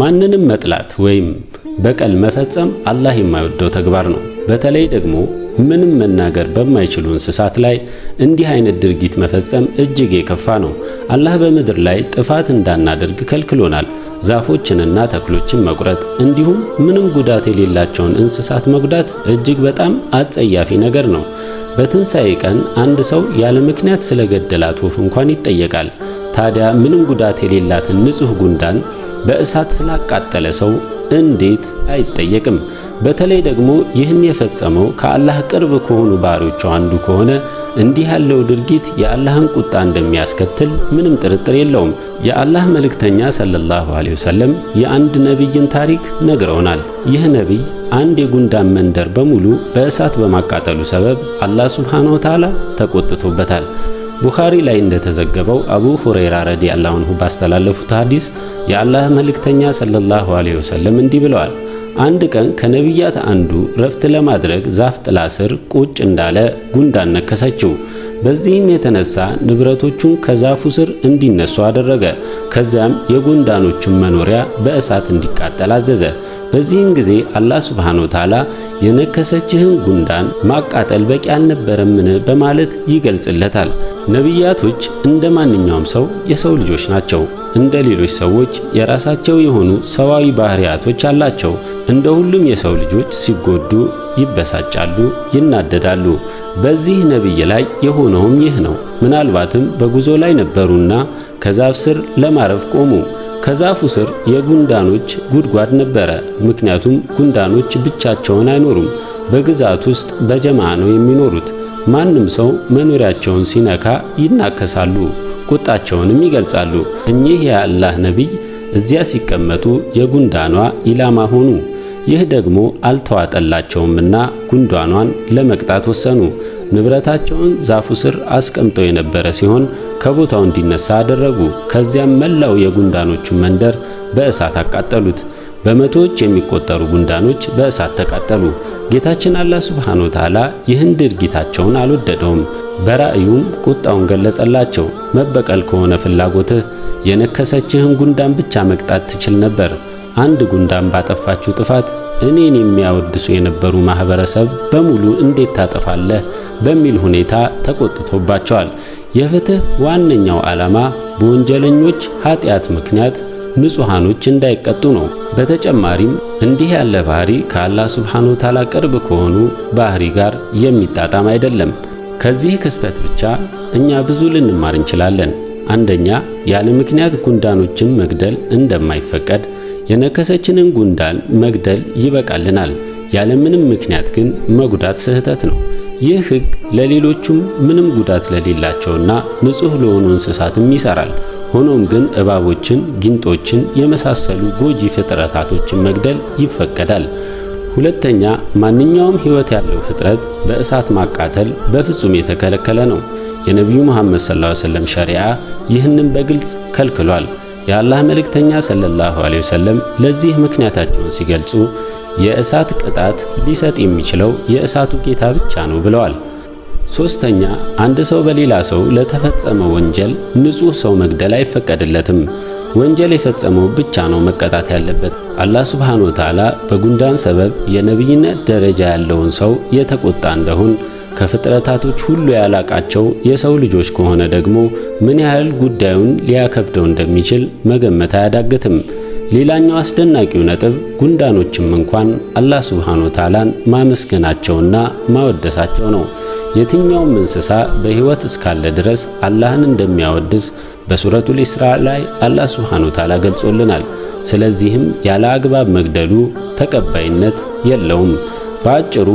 ማንንም መጥላት ወይም በቀል መፈጸም አላህ የማይወደው ተግባር ነው። በተለይ ደግሞ ምንም መናገር በማይችሉ እንስሳት ላይ እንዲህ አይነት ድርጊት መፈጸም እጅግ የከፋ ነው። አላህ በምድር ላይ ጥፋት እንዳናደርግ ከልክሎናል። ዛፎችንና ተክሎችን መቁረጥ እንዲሁም ምንም ጉዳት የሌላቸውን እንስሳት መጉዳት እጅግ በጣም አጸያፊ ነገር ነው። በትንሣኤ ቀን አንድ ሰው ያለ ምክንያት ስለ ገደላት ወፍ እንኳን ይጠየቃል። ታዲያ ምንም ጉዳት የሌላትን ንጹሕ ጉንዳን በእሳት ስላቃጠለ ሰው እንዴት አይጠየቅም? በተለይ ደግሞ ይህን የፈጸመው ከአላህ ቅርብ ከሆኑ ባሪዎቹ አንዱ ከሆነ እንዲህ ያለው ድርጊት የአላህን ቁጣ እንደሚያስከትል ምንም ጥርጥር የለውም። የአላህ መልእክተኛ ሰለላሁ ዐለይሂ ወሰለም የአንድ ነቢይን ታሪክ ነግረውናል። ይህ ነቢይ አንድ የጉንዳን መንደር በሙሉ በእሳት በማቃጠሉ ሰበብ አላህ ሱብሓነሁ ወተዓላ ተቆጥቶበታል። ቡኻሪ ላይ እንደተዘገበው አቡ ሁረይራ ረዲየላሁ ዐንሁ ባስተላለፉት ሐዲስ የአላህ መልእክተኛ ሰለላሁ ዐለይሂ ወሰለም እንዲህ ብለዋል። አንድ ቀን ከነቢያት አንዱ ረፍት ለማድረግ ዛፍ ጥላ ስር ቁጭ እንዳለ ጉንዳን ነከሰችው። በዚህም የተነሳ ንብረቶቹን ከዛፉ ስር እንዲነሱ አደረገ። ከዚያም የጉንዳኖቹን መኖሪያ በእሳት እንዲቃጠል አዘዘ። በዚህን ጊዜ አላህ ሱብሓነ ወተዓላ የነከሰችህን ጉንዳን ማቃጠል በቂ አልነበረምን በማለት ይገልጽለታል። ነቢያቶች እንደ ማንኛውም ሰው የሰው ልጆች ናቸው። እንደ ሌሎች ሰዎች የራሳቸው የሆኑ ሰዋዊ ባህሪያቶች አላቸው። እንደ ሁሉም የሰው ልጆች ሲጎዱ ይበሳጫሉ፣ ይናደዳሉ። በዚህ ነቢይ ላይ የሆነውም ይህ ነው። ምናልባትም በጉዞ ላይ ነበሩና ከዛፍ ስር ለማረፍ ቆሙ። ከዛፉ ስር የጉንዳኖች ጉድጓድ ነበረ። ምክንያቱም ጉንዳኖች ብቻቸውን አይኖሩም፣ በግዛት ውስጥ በጀማ ነው የሚኖሩት። ማንም ሰው መኖሪያቸውን ሲነካ ይናከሳሉ፣ ቁጣቸውንም ይገልጻሉ። እኚህ የአላህ ነቢይ እዚያ ሲቀመጡ የጉንዳኗ ኢላማ ሆኑ። ይህ ደግሞ አልተዋጠላቸውምና ጉንዳኗን ለመቅጣት ወሰኑ። ንብረታቸውን ዛፉ ስር አስቀምጠው የነበረ ሲሆን ከቦታው እንዲነሳ አደረጉ። ከዚያም መላው የጉንዳኖቹን መንደር በእሳት አቃጠሉት። በመቶዎች የሚቆጠሩ ጉንዳኖች በእሳት ተቃጠሉ። ጌታችን አላህ ሱብሓነሁ ወተዓላ ይህን ድርጊታቸውን አልወደደውም። በራእዩም ቁጣውን ገለጸላቸው። መበቀል ከሆነ ፍላጎትህ የነከሰችህን ጉንዳን ብቻ መቅጣት ትችል ነበር። አንድ ጉንዳን ባጠፋችሁ ጥፋት እኔን የሚያወድሱ የነበሩ ማህበረሰብ በሙሉ እንዴት ታጠፋለህ? በሚል ሁኔታ ተቆጥቶባቸዋል። የፍትህ ዋነኛው ዓላማ በወንጀለኞች ኃጢአት ምክንያት ንጹሐኖች እንዳይቀጡ ነው። በተጨማሪም እንዲህ ያለ ባህሪ ከአላህ ሱብሓነሁ ወተዓላ ቅርብ ከሆኑ ባህሪ ጋር የሚጣጣም አይደለም። ከዚህ ክስተት ብቻ እኛ ብዙ ልንማር እንችላለን። አንደኛ፣ ያለ ምክንያት ጉንዳኖችን መግደል እንደማይፈቀድ፣ የነከሰችንን ጉንዳን መግደል ይበቃልናል። ያለምንም ምክንያት ግን መጉዳት ስህተት ነው። ይህ ሕግ ለሌሎቹም ምንም ጉዳት ለሌላቸውና ንጹሕ ለሆኑ እንስሳትም ይሰራል። ሆኖም ግን እባቦችን፣ ጊንጦችን የመሳሰሉ ጎጂ ፍጥረታቶችን መግደል ይፈቀዳል። ሁለተኛ፣ ማንኛውም ሕይወት ያለው ፍጥረት በእሳት ማቃተል በፍጹም የተከለከለ ነው። የነቢዩ መሐመድ ሰለላሁ ዐለይሂ ወሰለም ሸሪዓ ይህንም በግልጽ ከልክሏል። የአላህ መልእክተኛ ሰለላሁ ዐለይሂ ወሰለም ለዚህ ምክንያታቸውን ሲገልጹ የእሳት ቅጣት ሊሰጥ የሚችለው የእሳቱ ጌታ ብቻ ነው ብለዋል። ሦስተኛ፣ አንድ ሰው በሌላ ሰው ለተፈጸመ ወንጀል ንጹህ ሰው መግደል አይፈቀድለትም። ወንጀል የፈጸመው ብቻ ነው መቀጣት ያለበት። አላህ ሱብሓነሁ ወተዓላ በጉንዳን ሰበብ የነቢይነት ደረጃ ያለውን ሰው የተቆጣ እንደሆን ከፍጥረታቶች ሁሉ ያላቃቸው የሰው ልጆች ከሆነ ደግሞ ምን ያህል ጉዳዩን ሊያከብደው እንደሚችል መገመት አያዳግትም። ሌላኛው አስደናቂው ነጥብ ጉንዳኖችም እንኳን አላህ ሱብሓነሁ ወተዓላን ማመስገናቸውና ማወደሳቸው ነው። የትኛውም እንስሳ በሕይወት እስካለ ድረስ አላህን እንደሚያወድስ በሱረቱል ኢስራ ላይ አላህ ሱብሓነሁ ወተዓላ ገልጾልናል። ስለዚህም ያለ አግባብ መግደሉ ተቀባይነት የለውም። በአጭሩ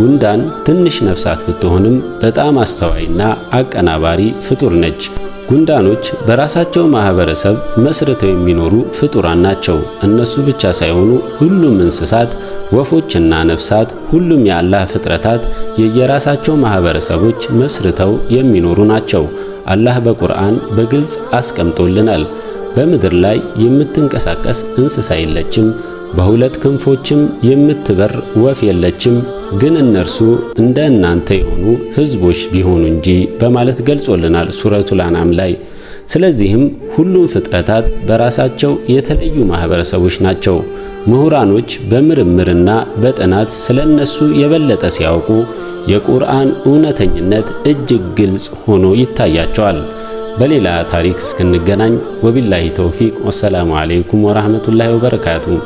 ጉንዳን ትንሽ ነፍሳት ብትሆንም በጣም አስተዋይና አቀናባሪ ፍጡር ነች። ጉንዳኖች በራሳቸው ማህበረሰብ መስርተው የሚኖሩ ፍጡራን ናቸው። እነሱ ብቻ ሳይሆኑ ሁሉም እንስሳት፣ ወፎችና ነፍሳት፣ ሁሉም የአላህ ፍጥረታት የየራሳቸው ማህበረሰቦች መስርተው የሚኖሩ ናቸው። አላህ በቁርአን በግልጽ አስቀምጦልናል። በምድር ላይ የምትንቀሳቀስ እንስሳ የለችም በሁለት ክንፎችም የምትበር ወፍ የለችም፣ ግን እነርሱ እንደ እናንተ የሆኑ ሕዝቦች ቢሆኑ እንጂ በማለት ገልጾልናል ሱረቱል አናም ላይ። ስለዚህም ሁሉም ፍጥረታት በራሳቸው የተለዩ ማህበረሰቦች ናቸው። ምሁራኖች በምርምርና በጥናት ስለ እነሱ የበለጠ ሲያውቁ የቁርአን እውነተኝነት እጅግ ግልጽ ሆኖ ይታያቸዋል። በሌላ ታሪክ እስክንገናኝ ወቢላሂ ተውፊቅ ወሰላሙ አለይኩም ወራህመቱላሂ ወበረካቱሁ።